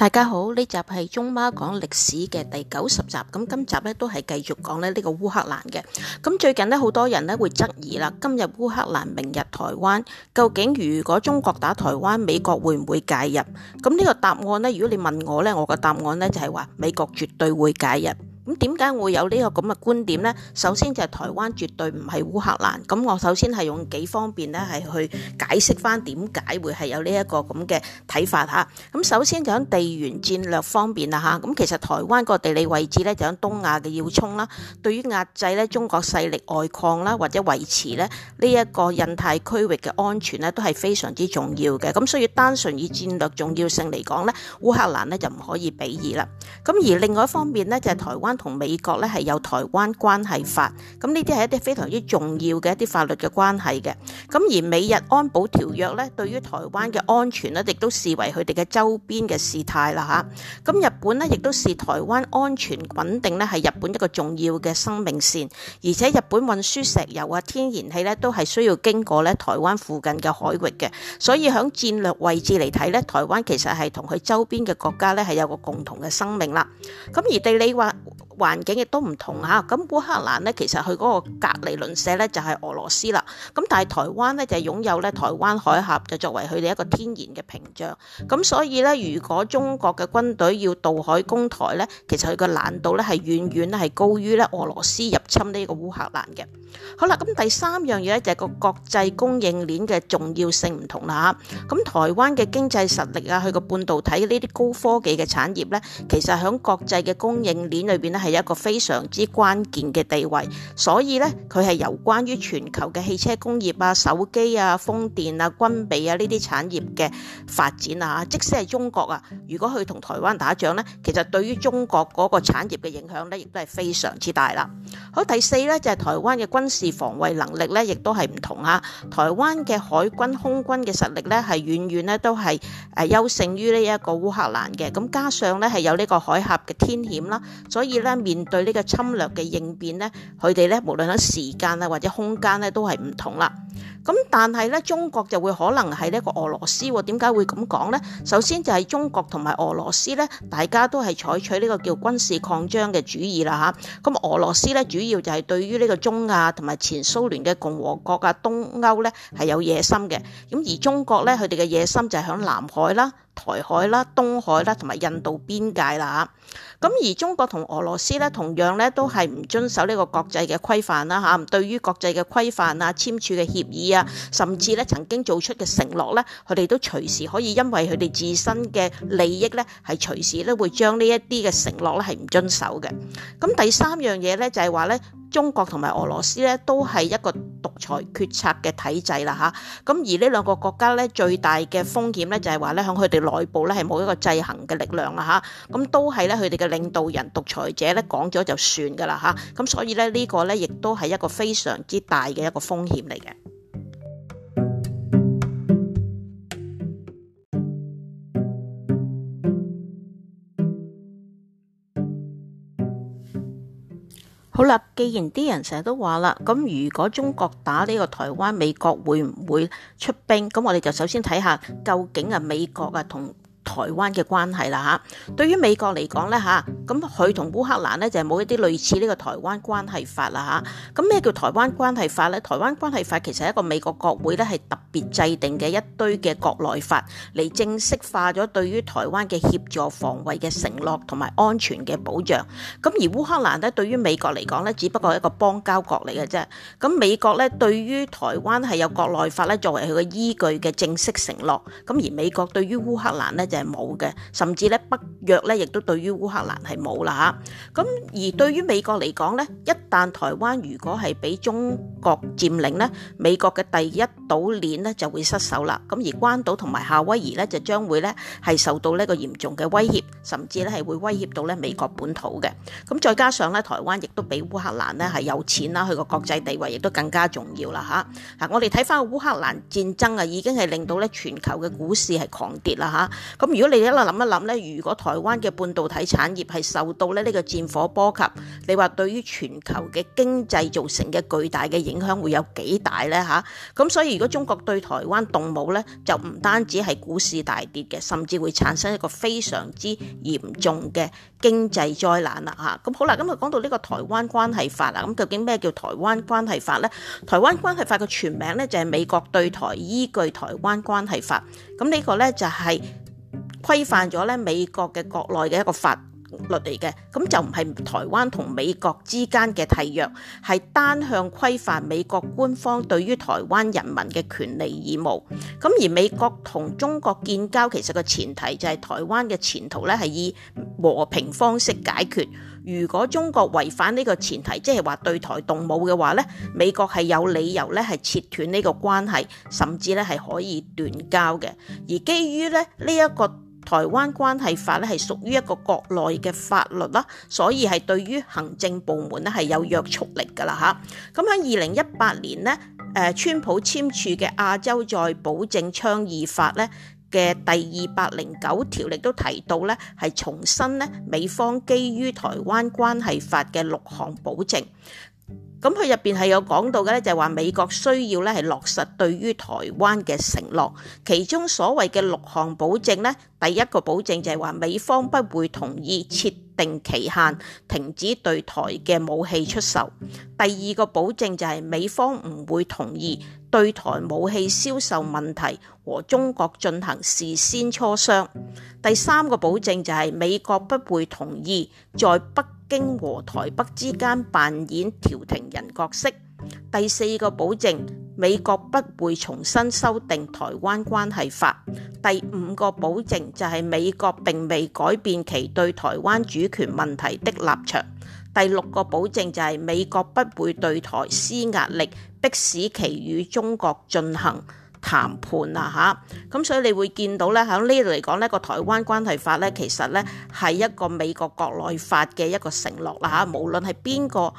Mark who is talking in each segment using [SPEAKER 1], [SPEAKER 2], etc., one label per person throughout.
[SPEAKER 1] 大家好，呢集係中媽講歷史嘅第九十集，咁今集咧都係繼續講呢個烏克蘭嘅，咁最近咧好多人咧會質疑啦，今日烏克蘭，明日台灣，究竟如果中國打台灣，美國會唔會介入？咁、這、呢個答案咧，如果你問我咧，我個答案咧就係話，美國絕對會介入。咁點解會有呢個咁嘅觀點呢？首先就係台灣絕對唔係烏克蘭。咁我首先係用幾方面呢，係去解釋返點解會係有呢一個咁嘅睇法吓，咁首先就喺地緣戰略方面啦吓，咁其實台灣個地理位置呢，就喺東亞嘅要衝啦。對於壓制咧中國勢力外擴啦，或者維持咧呢一個印太區域嘅安全呢，都係非常之重要嘅。咁所以單純以戰略重要性嚟講呢，烏克蘭呢就唔可以比擬啦。咁而另外一方面呢，就係台灣。同美國咧係有台灣關係法，咁呢啲係一啲非常之重要嘅一啲法律嘅關係嘅。咁而美日安保條約呢，對於台灣嘅安全呢，亦都視為佢哋嘅周邊嘅事態啦嚇。咁、啊、日本呢，亦都視台灣安全穩定呢係日本一個重要嘅生命線，而且日本運輸石油啊、天然氣呢，都係需要經過呢台灣附近嘅海域嘅，所以喺戰略位置嚟睇呢，台灣其實係同佢周邊嘅國家呢，係有個共同嘅生命啦。咁、啊、而對你話。環境亦都唔同嚇，咁烏克蘭呢，其實佢嗰個隔離鄰舍呢，就係俄羅斯啦，咁但係台灣呢，就擁有咧台灣海峽就作為佢哋一個天然嘅屏障，咁所以呢，如果中國嘅軍隊要渡海攻台呢，其實佢個難度呢，係遠遠咧係高於咧俄羅斯入侵呢個烏克蘭嘅。好啦，咁第三樣嘢呢，就係個國際供應鏈嘅重要性唔同啦，咁台灣嘅經濟實力啊，佢個半導體呢啲高科技嘅產業呢，其實喺國際嘅供應鏈裏邊咧係，一個非常之關鍵嘅地位，所以咧佢係有關於全球嘅汽車工業啊、手機啊、風電啊、軍備啊呢啲產業嘅發展啊，即使係中國啊，如果去同台灣打仗咧，其實對於中國嗰個產業嘅影響咧，亦都係非常之大啦。好，第四咧就係台灣嘅軍事防衛能力咧，亦都係唔同啊。台灣嘅海軍、空軍嘅實力咧，係遠遠咧都係誒優勝於呢一個烏克蘭嘅。咁加上咧係有呢個海峽嘅天險啦，所以咧。面對呢個侵略嘅應變呢佢哋呢，無論喺時間啊或者空間呢，都係唔同啦。咁但係呢，中國就會可能係呢個俄羅斯。點解會咁講呢？首先就係中國同埋俄羅斯呢，大家都係採取呢個叫軍事擴張嘅主意啦吓，咁、啊、俄羅斯呢，主要就係對於呢個中亞同埋前蘇聯嘅共和國啊、東歐呢，係有野心嘅。咁而中國呢，佢哋嘅野心就係喺南海啦。台海啦、東海啦，同埋印度邊界啦。咁而中國同俄羅斯咧，同樣咧都係唔遵守呢個國際嘅規範啦。嚇，對於國際嘅規範啊、簽署嘅協議啊，甚至咧曾經做出嘅承諾咧，佢哋都隨時可以因為佢哋自身嘅利益咧，係隨時咧會將呢一啲嘅承諾咧係唔遵守嘅。咁第三樣嘢咧就係話咧。中國同埋俄羅斯咧都係一個獨裁決策嘅體制啦，嚇，咁而呢兩個國家咧最大嘅風險咧就係話咧向佢哋內部咧係冇一個制衡嘅力量啦，嚇，咁都係咧佢哋嘅領導人獨裁者咧講咗就算噶啦，嚇，咁所以咧呢個咧亦都係一個非常之大嘅一個風險嚟嘅。好啦，既然啲人成日都話啦，咁如果中國打呢個台灣，美國會唔會出兵？咁我哋就首先睇下究竟啊，美國啊同。台灣嘅關係啦嚇，對於美國嚟講咧嚇，咁佢同烏克蘭咧就係冇一啲類似呢個台灣關係法啦嚇。咁咩叫台灣關係法咧？台灣關係法其實係一個美國國會咧係特別制定嘅一堆嘅國內法嚟正式化咗對於台灣嘅協助防衛嘅承諾同埋安全嘅保障。咁而烏克蘭咧對於美國嚟講咧，只不過係一個邦交國嚟嘅啫。咁美國咧對於台灣係有國內法咧作為佢嘅依據嘅正式承諾。咁而美國對於烏克蘭咧就係冇嘅，甚至咧北約咧亦都對於烏克蘭係冇啦吓，咁而對於美國嚟講咧，一旦台灣如果係俾中國佔領咧，美國嘅第一島鏈咧就會失守啦，咁而關島同埋夏威夷咧就將會咧係受到呢個嚴重嘅威脅，甚至咧係會威脅到咧美國本土嘅，咁再加上咧台灣亦都比烏克蘭咧係有錢啦，佢個國際地位亦都更加重要啦吓，嗱我哋睇翻烏克蘭戰爭啊，已經係令到咧全球嘅股市係狂跌啦吓，咁。如果你一諗一諗咧，如果台灣嘅半導體產業係受到咧呢個戰火波及，你話對於全球嘅經濟造成嘅巨大嘅影響會有幾大呢？嚇？咁所以如果中國對台灣動武咧，就唔單止係股市大跌嘅，甚至會產生一個非常之嚴重嘅經濟災難啦嚇。咁好啦，咁就講到呢個台灣關係法啦，咁究竟咩叫台灣關係法呢？台灣關係法嘅全名咧就係、是、美國對台依據台灣關係法。咁呢個咧就係、是。規範咗咧美國嘅國內嘅一個法律嚟嘅，咁就唔係台灣同美國之間嘅契約，係單向規範美國官方對於台灣人民嘅權利義務。咁而美國同中國建交，其實個前提就係、是、台灣嘅前途咧係以和平方式解決。如果中國違反呢個前提，即係話對台動武嘅話咧，美國係有理由咧係切斷呢個關係，甚至咧係可以斷交嘅。而基於咧呢一、這個。台灣關係法咧係屬於一個國內嘅法律啦，所以係對於行政部門咧係有約束力噶啦吓，咁喺二零一八年呢，誒川普簽署嘅亞洲再保證倡議法咧嘅第二百零九條，亦都提到咧係重申咧美方基於台灣關係法嘅六項保證。咁佢入邊係有講到嘅咧，就係話美國需要咧係落實對於台灣嘅承諾，其中所謂嘅六項保證呢，第一個保證就係話美方不會同意設定期限停止對台嘅武器出售；第二個保證就係美方唔會同意對台武器銷售問題和中國進行事先磋商；第三個保證就係美國不會同意在北經和台北之間扮演調停人角色。第四個保證，美國不會重新修訂《台灣關係法》。第五個保證就係美國並未改變其對台灣主權問題的立場。第六個保證就係美國不會對台施壓力，迫使其與中國進行。談判啦嚇，咁、啊、所以你會見到咧，喺呢度嚟講呢個台灣關係法咧，其實咧係一個美國國內法嘅一個承諾啦嚇，無論係邊個，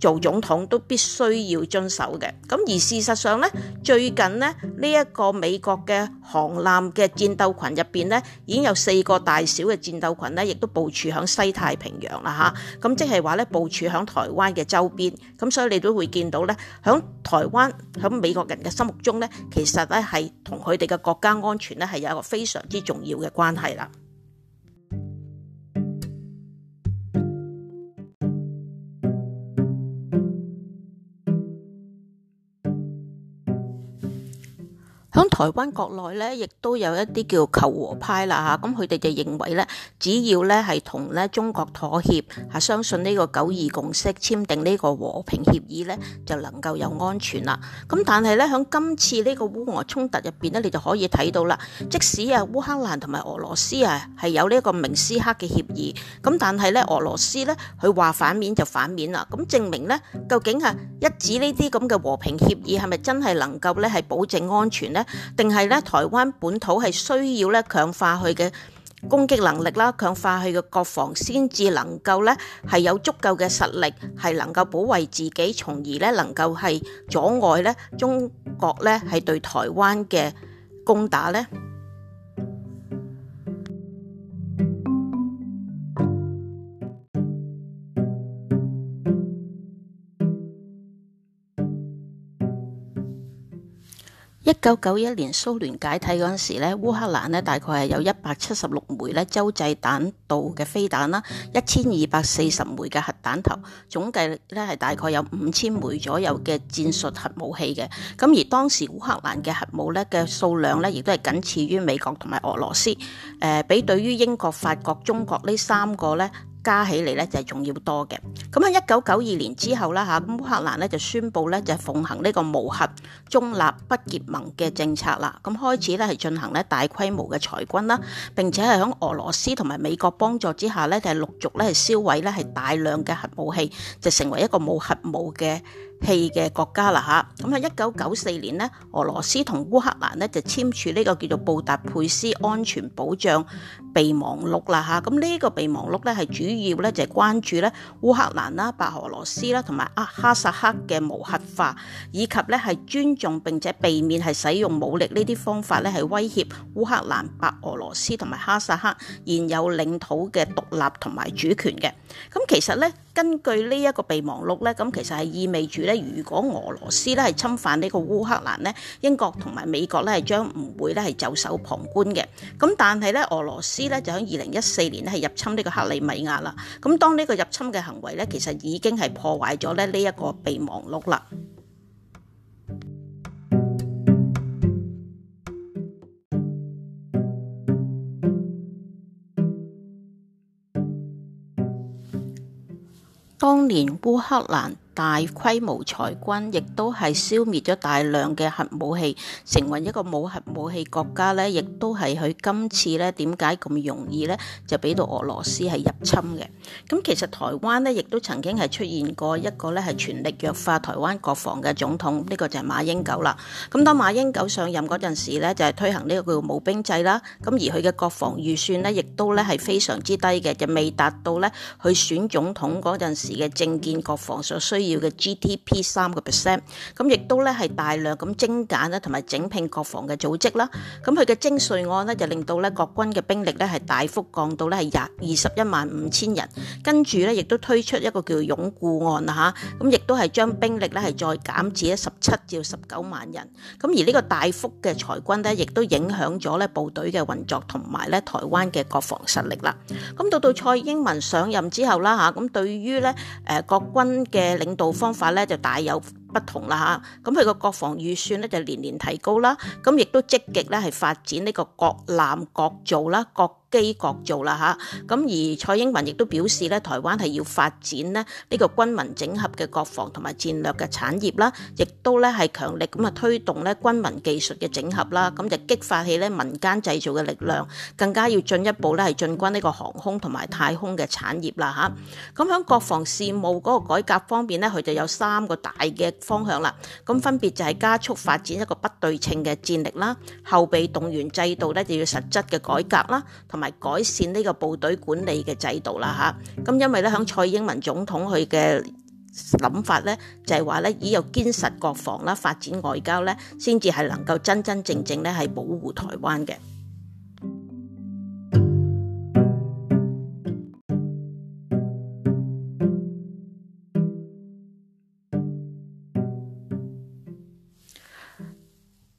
[SPEAKER 1] 做總統都必須要遵守嘅，咁而事實上咧，最近呢，呢一個美國嘅航艦嘅戰鬥群入邊咧，已經有四個大小嘅戰鬥群咧，亦都部署響西太平洋啦吓，咁即係話咧，部署響台灣嘅周邊，咁所以你都會見到咧，響台灣響美國人嘅心目中咧，其實咧係同佢哋嘅國家安全咧係有一個非常之重要嘅關係啦。喺台灣國內咧，亦都有一啲叫求和派啦嚇，咁佢哋就認為咧，只要咧係同咧中國妥協，嚇相信呢個九二共識，簽訂呢個和平協議咧，就能夠有安全啦。咁但係咧，喺今次呢個烏俄衝突入邊咧，你就可以睇到啦。即使啊烏克蘭同埋俄羅斯啊係有呢個明斯克嘅協議，咁但係咧俄羅斯咧佢話反面就反面啦。咁證明咧，究竟嚇、啊、一紙呢啲咁嘅和平協議係咪真係能夠咧係保證安全呢？定係咧，台灣本土係需要咧強化佢嘅攻擊能力啦，強化佢嘅國防，先至能夠咧係有足夠嘅實力，係能夠保衞自己，從而咧能夠係阻礙咧中國咧係對台灣嘅攻打呢。一九九一年蘇聯解體嗰陣時咧，烏克蘭咧大概係有一百七十六枚咧洲際彈道嘅飛彈啦，一千二百四十枚嘅核彈頭，總計咧係大概有五千枚左右嘅戰術核武器嘅。咁而當時烏克蘭嘅核武咧嘅數量咧，亦都係僅次於美國同埋俄羅斯。誒，比對於英國、法國、中國呢三個咧，加起嚟咧就係仲要多嘅，咁喺一九九二年之後啦吓，咁烏克蘭咧就宣佈咧就奉行呢個無核中立不結盟嘅政策啦，咁開始咧係進行咧大規模嘅裁軍啦，並且係喺俄羅斯同埋美國幫助之下咧，就係陸續咧係銷毀咧係大量嘅核武器，就成為一個無核武嘅。氣嘅國家啦，吓咁喺一九九四年呢，俄羅斯同烏克蘭呢就簽署呢個叫做《布達佩斯安全保障備忘錄》啦，吓咁呢個備忘錄咧係主要咧就係關注咧烏克蘭啦、白俄羅斯啦同埋阿哈薩克嘅無核化，以及咧係尊重並且避免係使用武力呢啲方法咧係威脅烏克蘭、白俄羅斯同埋哈薩克現有領土嘅獨立同埋主權嘅。咁其實咧。根據呢一個備忘錄咧，咁其實係意味住咧，如果俄羅斯咧係侵犯呢個烏克蘭咧，英國同埋美國咧係將唔會咧係袖手旁觀嘅。咁但係咧，俄羅斯咧就喺二零一四年咧係入侵呢個克里米亞啦。咁當呢個入侵嘅行為咧，其實已經係破壞咗咧呢一個備忘錄啦。當年烏克蘭，大規模裁軍，亦都係消滅咗大量嘅核武器，成為一個冇核武器國家呢，亦都係佢今次呢點解咁容易呢？就俾到俄羅斯係入侵嘅。咁其實台灣呢，亦都曾經係出現過一個呢係全力弱化台灣國防嘅總統，呢、呢個就係馬英九啦。咁當馬英九上任嗰陣時呢，就係、係、推行呢個叫募兵制啦。咁而佢嘅國防預算呢，亦都呢係非常之低嘅，就未達到呢去選總統嗰陣時嘅政見國防所需。要嘅 GDP 三個 percent，咁亦都咧係大量咁精簡啦同埋整併國防嘅組織啦。咁佢嘅精進案咧就令到咧國軍嘅兵力咧係大幅降到咧係廿二十一萬五千人，跟住咧亦都推出一個叫勇固案吓，咁亦都係將兵力咧係再減至咧十七至十九萬人。咁而呢個大幅嘅裁軍咧，亦都影響咗咧部隊嘅運作同埋咧台灣嘅國防實力啦。咁到到蔡英文上任之後啦吓，咁對於咧誒國軍嘅領道方法咧就大有不同啦嚇，咁佢個國防預算咧就年年提高啦，咁亦都積極咧係發展呢個國艦國造啦基國做啦嚇，咁而蔡英文亦都表示咧，台灣係要發展咧呢個軍民整合嘅國防同埋戰略嘅產業啦，亦都咧係強力咁啊推動咧軍民技術嘅整合啦，咁就激發起咧民間製造嘅力量，更加要進一步咧係進軍呢個航空同埋太空嘅產業啦吓，咁喺國防事務嗰個改革方面呢，佢就有三個大嘅方向啦，咁分別就係加速發展一個不對稱嘅戰力啦，後備動員制度咧就要實質嘅改革啦，同埋改善呢個部隊管理嘅制度啦，吓、啊、咁、嗯、因為咧，響蔡英文總統佢嘅諗法咧，就係話咧，只有堅實國防啦、啊，發展外交咧，先至係能夠真真正正咧係保護台灣嘅。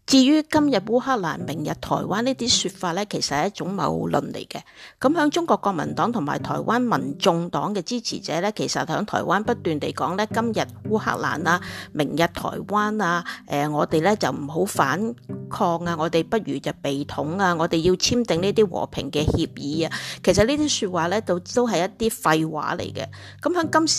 [SPEAKER 1] 至於今日烏克蘭、明日台灣呢啲説法呢，其實係一種謬論嚟嘅。咁響中國國民黨同埋台灣民眾黨嘅支持者呢，其實響台灣不斷地講呢，今日烏克蘭啊，明日台灣啊，誒、呃，我哋呢就唔好反抗啊！我哋不如就被統啊！我哋要簽訂呢啲和平嘅協議啊！其實說呢啲説話咧，就都係一啲廢話嚟嘅。咁喺今時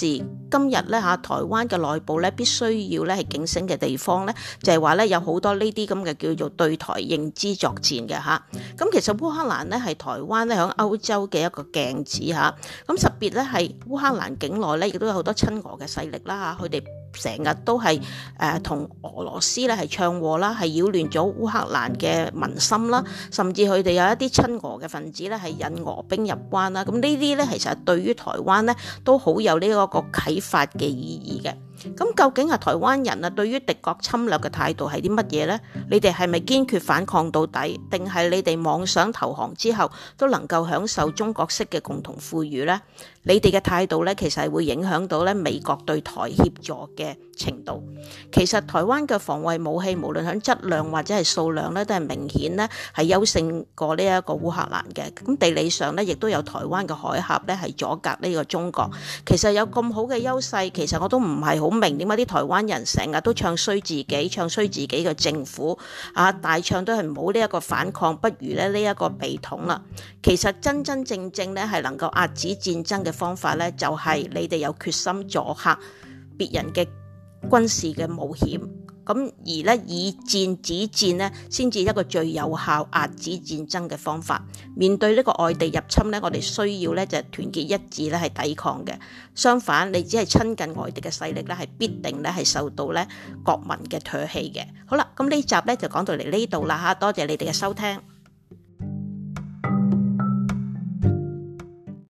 [SPEAKER 1] 今日咧嚇，台灣嘅內部咧必須要咧係警醒嘅地方咧，就係話咧有好多呢啲咁嘅叫做對台認知作戰嘅嚇。咁、啊、其實烏克蘭咧係台灣咧喺歐洲嘅一個鏡子嚇。咁、啊、特、啊、別咧係烏克蘭境內咧亦都有好多親俄嘅勢力啦嚇，佢、啊、哋。成日都係誒同俄羅斯咧係唱和啦，係擾亂咗烏克蘭嘅民心啦，甚至佢哋有一啲親俄嘅分子咧係引俄兵入關啦。咁呢啲咧其實對於台灣咧都好有呢一個啟發嘅意義嘅。咁究竟啊，台灣人啊，對於敵國侵略嘅態度係啲乜嘢呢？你哋係咪堅決反抗到底，定係你哋妄想投降之後都能夠享受中國式嘅共同富裕呢？你哋嘅態度呢，其實係會影響到呢美國對台協助嘅程度。其實台灣嘅防衛武器，無論喺質量或者係數量呢，都係明顯呢係優勝過呢一個烏克蘭嘅。咁地理上呢，亦都有台灣嘅海峽呢係阻隔呢個中國。其實有咁好嘅優勢，其實我都唔係好。咁明點解啲台灣人成日都唱衰自己，唱衰自己嘅政府啊！大唱都係冇呢一個反抗，不如咧呢一個被統啦。其實真真正正咧，係能夠壓止戰爭嘅方法咧，就係你哋有決心阻嚇別人嘅軍事嘅冒險。咁而咧以戰止戰咧，先至一個最有效壓止戰爭嘅方法。面對呢個外地入侵咧，我哋需要咧就團結一致咧係抵抗嘅。相反，你只係親近外地嘅勢力咧，係必定咧係受到咧國民嘅唾棄嘅。好啦，咁呢集咧就講到嚟呢度啦吓，多謝你哋嘅收聽。